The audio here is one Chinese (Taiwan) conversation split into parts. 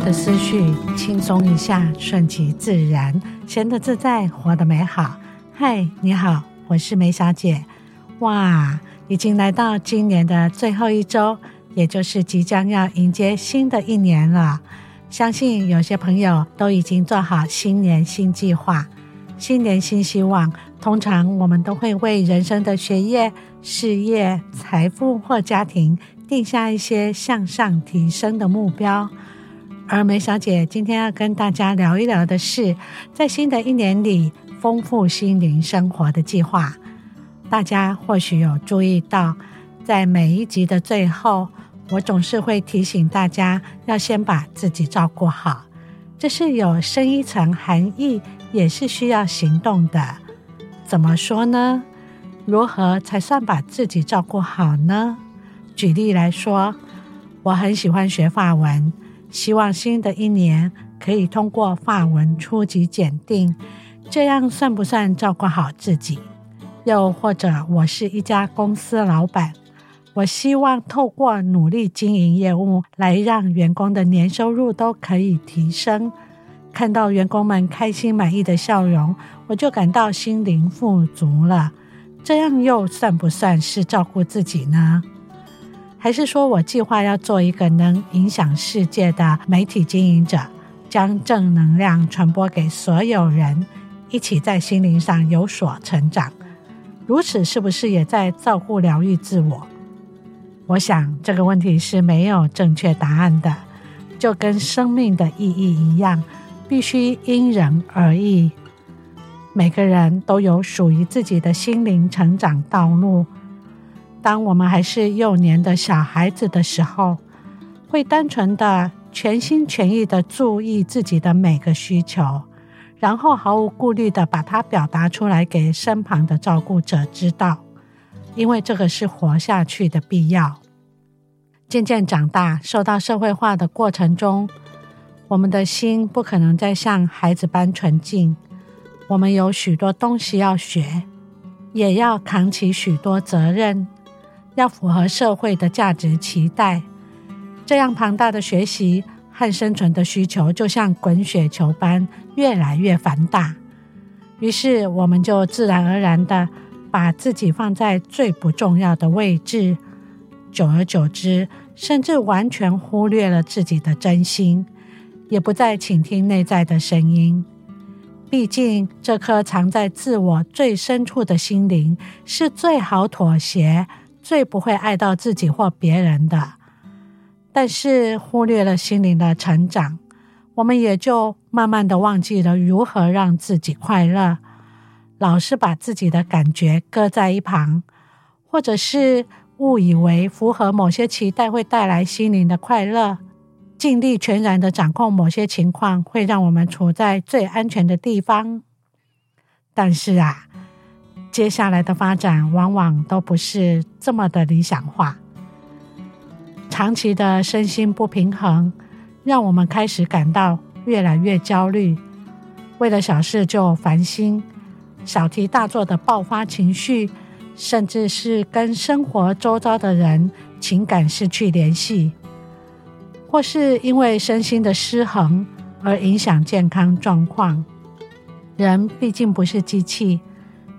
的思緒，輕鬆一下，順其自然，閒得自在，活得美好。嗨，你好，我是梅小姐。哇，已經來到今年的最後一周，也就是即將要迎接新的一年了。相信有些朋友都已經做好新年新計劃，新年新希望。通常我們都會為人生的學業、事業、財富或家庭，定下一些向上提升的目標。而梅小姐今天要跟大家聊一聊的是，在新的一年裡豐富心靈生活的計劃。大家或許有注意到，在每一集的最後，我總是會提醒大家要先把自己照顧好，這是有深一層含義，也是需要行動的。怎麼說呢？如何才算把自己照顧好呢？舉例來說，我很喜歡學法文。希望新的一年可以通過法文初級檢定，這樣算不算照顧好自己？又或者我是一家公司老闆，我希望透過努力經營業務，來讓員工的年收入都可以提升，看到員工們開心滿意的笑容，我就感到心靈富足了。這樣又算不算是照顧自己呢？還是說，我計劃要做一個能影響世界的媒體經營者，將正能量傳播給所有人，一起在心靈上有所成長。如此，是不是也在照顧、療癒自我？我想這個問題是沒有正確答案的，就跟生命的意義一樣，必須因人而異。每個人都有屬於自己的心靈成長道路。當我們還是幼年的小孩子的時候，會單純的全心全意的注意自己的每個需求，然後毫無顧慮的把它表達出來給身旁的照顧者知道，因為這個是活下去的必要。漸漸長大，受到社會化的過程中，我們的心不可能再像孩子般純淨，我們有許多東西要學，也要扛起許多責任。要符合社會的價值期待，這樣龐大的學習和生存的需求就像滾雪球般越來越繁大。於是，我們就自然而然地把自己放在最不重要的位置，久而久之，甚至完全忽略了自己的真心，也不再傾聽內在的聲音。畢竟，這顆藏在自我最深處的心靈，是最好妥協最不會愛到自己或別人的，但是忽略了心靈的成長，我們也就慢慢的忘記了如何讓自己快樂，老是把自己的感覺擱在一旁，或者是誤以為符合某些期待會帶來心靈的快樂，盡力全然的掌控某些情況會讓我們處在最安全的地方，但是啊。接下來的發展往往都不是這麼的理想化。長期的身心不平衡，讓我們開始感到越來越焦慮，為了小事就煩心，小題大做的爆發情緒，甚至是跟生活周遭的人情感失去聯繫，或是因為身心的失衡而影響健康狀況。人畢竟不是機器。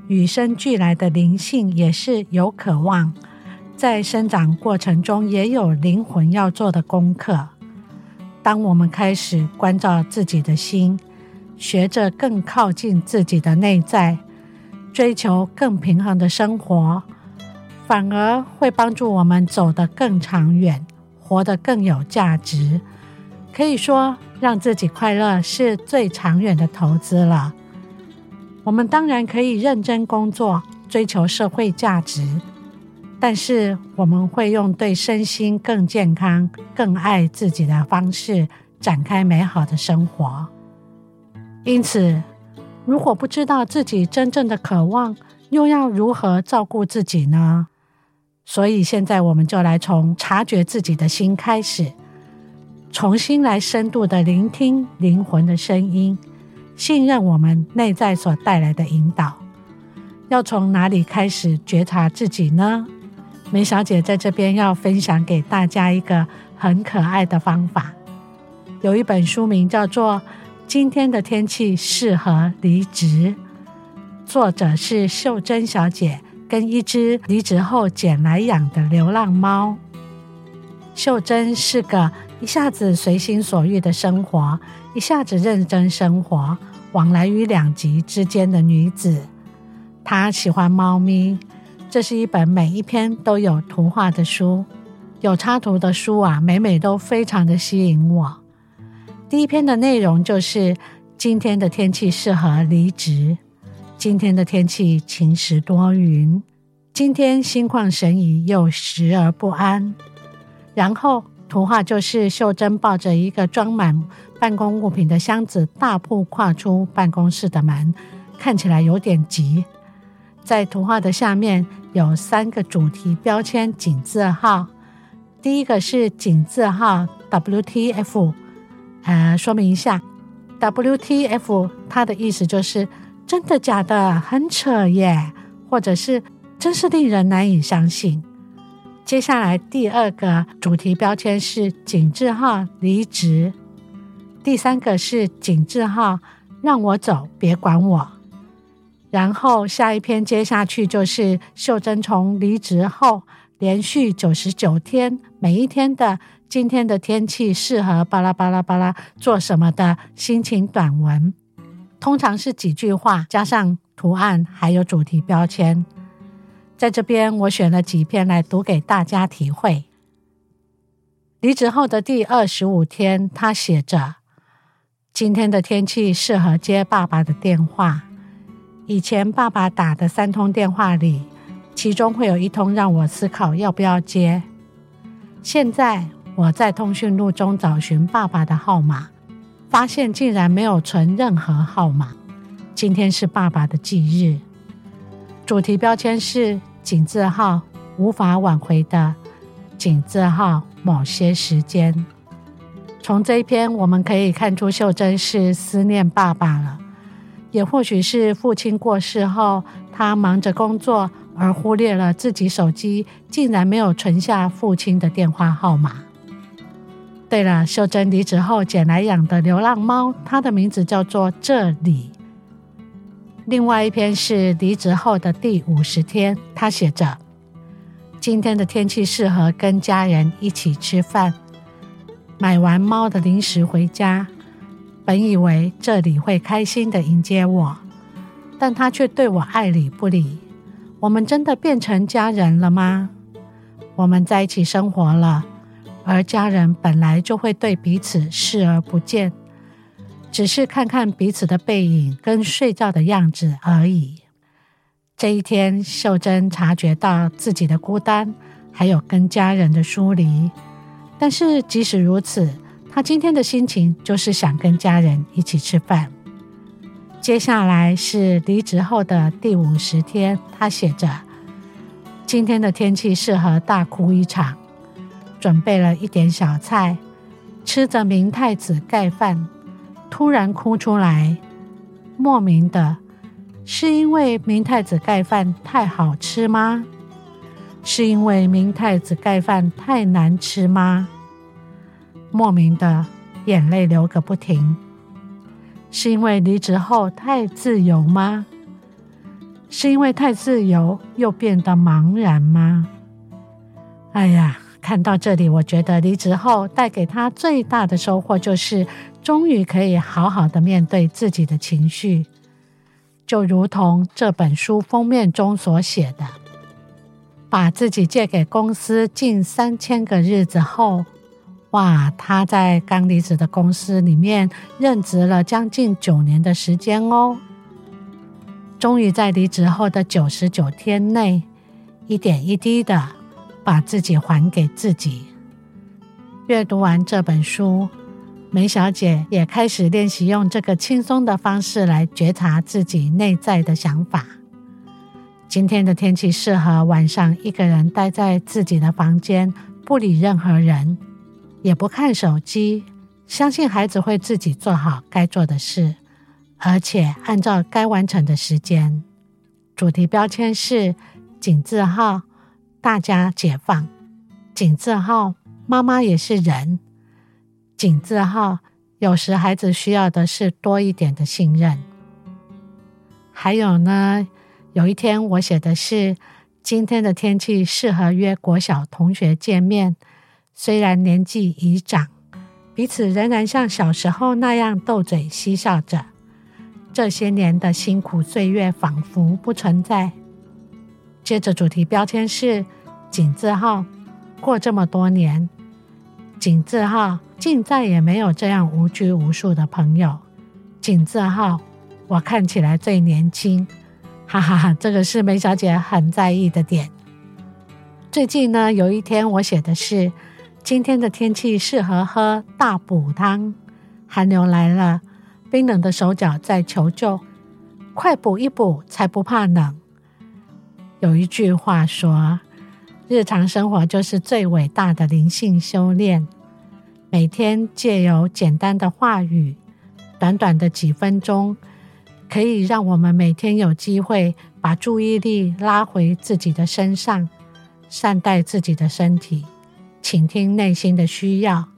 與生俱來的靈性也是有渴望，在生長過程中也有靈魂要做的功課。當我們開始關照自己的心，學着更靠近自己的內在，追求更平衡的生活，反而會幫助我們走得更長遠，活得更有價值。可以說，讓自己快樂是最長遠的投資了。我們當然可以認真工作，追求社會價值，但是我們會用對身心更健康、更愛自己的方式展開美好的生活。因此，如果不知道自己真正的渴望，又要如何照顧自己呢？所以，現在我們就來從察覺自己的心開始，重新來深度的聆聽靈魂的聲音。信任我們內在所帶來的引導，要從哪裡開始覺察自己呢？梅小姐在這邊要分享給大家一個很可愛的方法。有一本書名叫做《今天的天氣適合離職》，作者是秀珍小姐跟一隻離職後撿來養的流浪貓。秀珍是個一下子隨心所欲的生活，一下子認真生活。往來於兩極之間的女子，她喜歡貓咪。這是一本每一篇都有圖畫的書，有插圖的書啊，每每都非常的吸引我。第一篇的內容就是今天的天氣適合離職。今天的天氣晴時多雲，今天心曠神怡又時而不安。然後圖畫就是秀珍抱着一個裝滿。辦公物品的箱子，大步跨出辦公室的門，看起來有點急。在圖畫的下面有三個主題標籤井字號，第一個是井字號 WTF，呃，說明一下，WTF 它的意思就是真的假的，很扯耶，或者是真是令人難以相信。接下來第二個主題標籤是井字號離職。第三個是井字號，讓我走，別管我。然後下一篇接下去就是秀珍從離職後連續九十九天，每一天的今天的天氣適合巴拉巴拉巴拉做什麼的心情短文，通常是幾句話加上圖案還有主題標籤。在這邊我選了幾篇來讀給大家體會。離職後的第二十五天，他寫着。今天的天氣適合接爸爸的電話。以前爸爸打的三通電話裡，其中會有一通讓我思考要不要接。現在我在通訊錄中找尋爸爸的號碼，發現竟然沒有存任何號碼。今天是爸爸的忌日，主題標籤是井字號，無法挽回的井字號，某些時間。從這一篇我們可以看出，秀珍是思念爸爸了，也或許是父親過世後，她忙着工作而忽略了自己手機，竟然沒有存下父親的電話號碼。對了，秀珍離職後撿來養的流浪貓，它的名字叫做這裡。另外一篇是離職後的第五十天，她寫着：“今天的天氣適合跟家人一起吃飯。”買完貓的零食回家，本以為這裡會開心地迎接我，但他卻對我愛理不理。我們真的變成家人了嗎？我們在一起生活了，而家人本來就會對彼此視而不見，只是看看彼此的背影跟睡覺的樣子而已。這一天，秀珍察覺到自己的孤單，還有跟家人的疏離。但是即使如此，他今天的心情就是想跟家人一起吃飯。接下來是離職後的第五十天，他寫着：“今天的天氣適合大哭一場，準備了一點小菜，吃着明太子蓋飯，突然哭出來，莫名的，是因為明太子蓋飯太好吃嗎？”是因為明太子蓋飯太難吃嗎？莫名的眼淚流個不停。是因為離職後太自由嗎？是因為太自由又變得茫然嗎？哎呀，看到這裡，我覺得離職後帶給他最大的收穫就是，終於可以好好的面對自己的情緒，就如同這本書封面中所寫的。把自己借給公司近三千個日子後，哇！他在剛離職的公司裡面任職了將近九年的時間哦。終於在離職後的九十九天內，一點一滴的把自己還給自己。閱讀完這本書，梅小姐也開始練習用這個輕鬆的方式來覺察自己內在的想法。今天的天氣適合晚上一個人待在自己的房間，不理任何人，也不看手機。相信孩子會自己做好該做的事，而且按照該完成的時間。主題標籤是“井字號”，大家解放。井字號，媽媽也是人。井字號，有時孩子需要的是多一點的信任。還有呢？有一天，我寫的是：“今天的天氣適合約國小同學見面。雖然年紀已長，彼此仍然像小時候那樣鬥嘴嬉笑着。這些年的辛苦歲月仿佛不存在。”接着，主題標籤是“井字號”。過這麼多年，井字號竟再也沒有這樣無拘無束的朋友。井字號，我看起來最年輕。哈哈哈， 這個是梅小姐很在意的點。最近呢，有一天我寫的是：“今天的天氣適合喝大補湯，寒流來了，冰冷的手腳在求救，快補一補才不怕冷。”有一句話說：“日常生活就是最偉大的靈性修煉，每天借由簡單的話語，短短的幾分鐘。”可以讓我們每天有機會把注意力拉回自己的身上，善待自己的身體，傾聽內心的需要。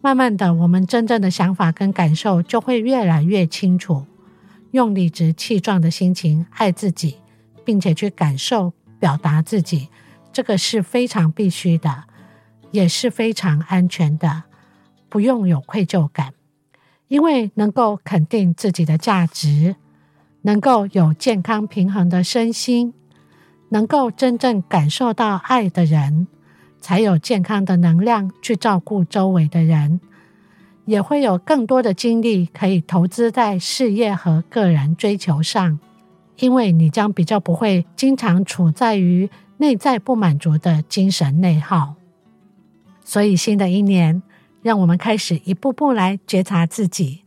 慢慢的，我們真正的想法跟感受就會越來越清楚。用理直氣壯的心情愛自己，並且去感受、表達自己，這個是非常必須的，也是非常安全的，不用有愧疚感。因為能夠肯定自己的價值，能夠有健康平衡的身心，能夠真正感受到愛的人，才有健康的能量去照顧周圍的人，也會有更多的精力可以投資在事業和個人追求上，因為你將比較不會經常處在於內在不滿足的精神內耗。所以新的一年。讓我們開始一步步來覺察自己，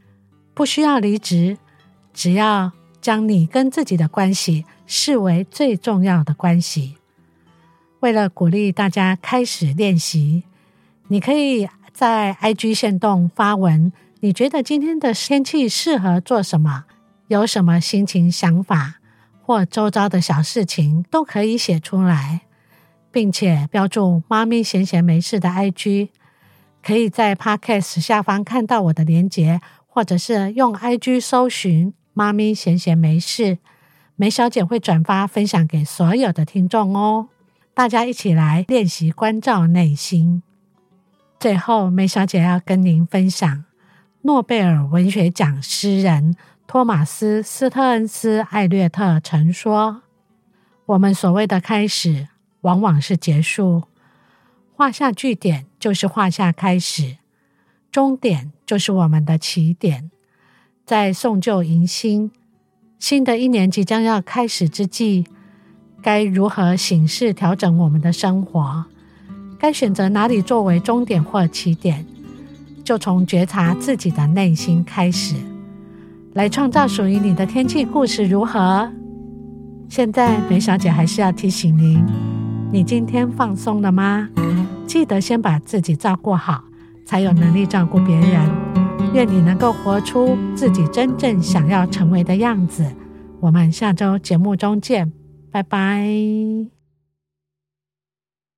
不需要離職，只要將你跟自己的關係視為最重要的關係。為了鼓勵大家開始練習，你可以在 IG 限動發文。你覺得今天的天氣適合做什麼？有什麼心情、想法或周遭的小事情都可以寫出來，並且標註“媽咪閒閒梅事”的 IG。可以在 Podcast 下方看到我的連結，或者是用 IG 搜尋“媽咪閒閒梅事”，梅小姐會轉發分享給所有的聽眾哦。大家一起來練習關照內心。最後，梅小姐要跟您分享諾貝爾文學獎詩人托馬斯·斯特恩斯·艾略特曾說：“我們所謂的開始，往往是結束。”劃下句點就是劃下開始，終點就是我們的起點。在送舊迎新、新的一年即將要開始之際，該如何形式調整我們的生活？該選擇哪裡作為終點或起點？就從覺察自己的內心開始，來創造屬於你的天氣故事。如何？現在梅小姐還是要提醒您：你今天放鬆了嗎？記得先把自己照顧好，才有能力照顧別人。願你能夠活出自己真正想要成為的樣子。我們下周節目中見，拜拜。